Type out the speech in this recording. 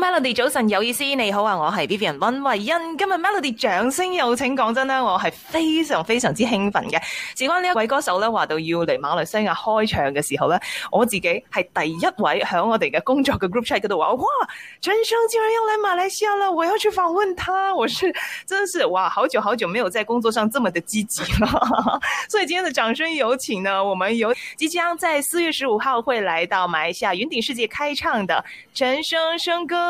Melody 早晨，有意思，你好啊，我係 Vivian 溫慧欣。今日 Melody 掌聲有請，講真啦，我係非常非常之興奮嘅。事關呢一位歌手咧話到要嚟馬來西亞開唱嘅時候咧，我自己係第一位響我哋嘅工作嘅 group chat 嗰度話，哇，陳升竟然要嚟馬來西亞啦，我要去訪問他，我是真的是哇，好久好久沒有在工作上這麼的積極啦。 所以今天的掌聲有請呢，我們有即將在四月十五號會來到馬來西亞雲頂世界開唱嘅陳升升哥。